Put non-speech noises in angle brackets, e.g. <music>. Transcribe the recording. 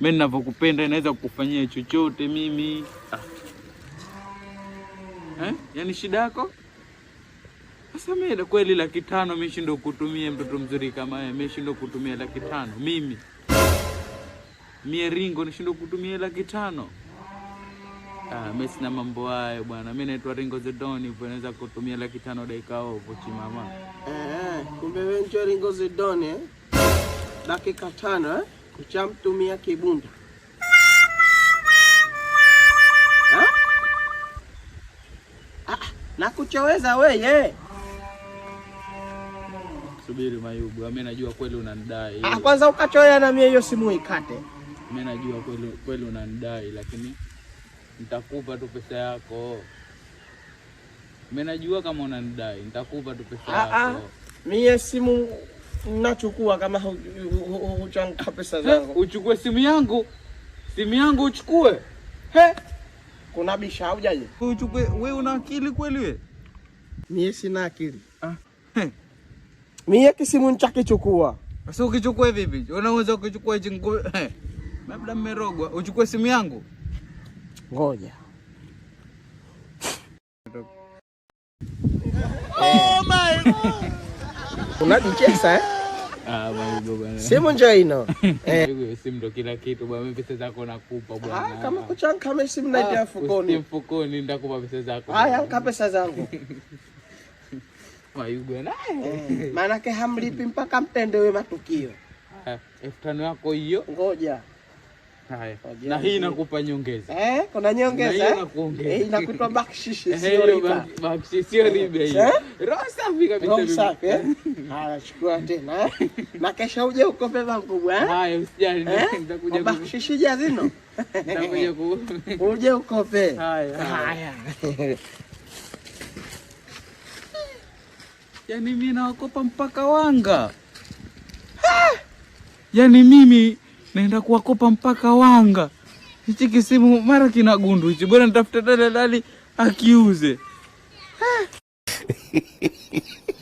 mimi ninavyokupenda inaweza kukufanyia chochote mimi ah. eh? Yaani shida yako sasa mimi kweli laki tano ameshindwa kutumia mtoto mzuri kama yeye mimi ameshindwa kutumia laki tano mimi mie ringo nishindwa kutumia laki tano ah, mimi sina mambo hayo bwana mimi naitwa Ringo Zedon hivyo naweza kutumia laki tano dakika hapo chimama eh, eh, kumbe wewe ndio Ringo Zedon eh? dakika tano eh? kuchamtumia kibunda ha? Ah, na kuchoweza weye. Subiri Mayubu, mimi najua kweli unanidai. Ah, kwanza ukachoya na mimi hiyo simu ikate. Mimi najua kweli kweli unanidai, lakini nitakupa tu pesa yako. Mimi najua kama unanidai, nitakupa tu pesa ah, ah. yako. Mimi simu nachukua kama huchanka pesa zangu. Uchukue simu yangu, simu yangu uchukue. He, kuna bisha haujaje? Uchukue wewe, una akili kweli wewe? Mie sina akili ah. Mie kisimu nchakichukua. Sasa ukichukua vipi? Unaweza ukichukua jingu Labda mmerogwa. Uchukue simu yangu. Ngoja. Oh my god. Unanichesa eh? Ah, bwana. Simu njoo ino. <laughs> Eh. Simu ndo kila kitu bwana. pesa zako nakupa bwana. Ah, kama kuchanga kama simu na ya ah, mfukoni. Simu mfukoni ndakupa pesa zako. Haya, nka pesa zangu. Mayugo <laughs> naye. Eh, Maana hamlipi mpaka mtendewe matukio. Ah, elfu tano yako hiyo. Ngoja. Hai, na hii nakupa nyongeza eh, kuna nyongeza eh, inakupa eh, bakshishi, sio eh, riba. Bakshish sio riba, hii eh? roho safi kabisa. Roho safi eh, haya, chukua tena na kesho uje ukope mkubwa eh. Haya, usijali, <laughs> nitakuja bakshishi jazino, <laughs> nitakuja ku uje ukope. Haya, haya, <laughs> Yaani mimi naokopa mpaka wanga, Ha! Yaani mimi naenda kuwakopa mpaka Wanga. Hichi kisimu mara kina gundu hichi, bwana, nitafuta dalali akiuze. <laughs>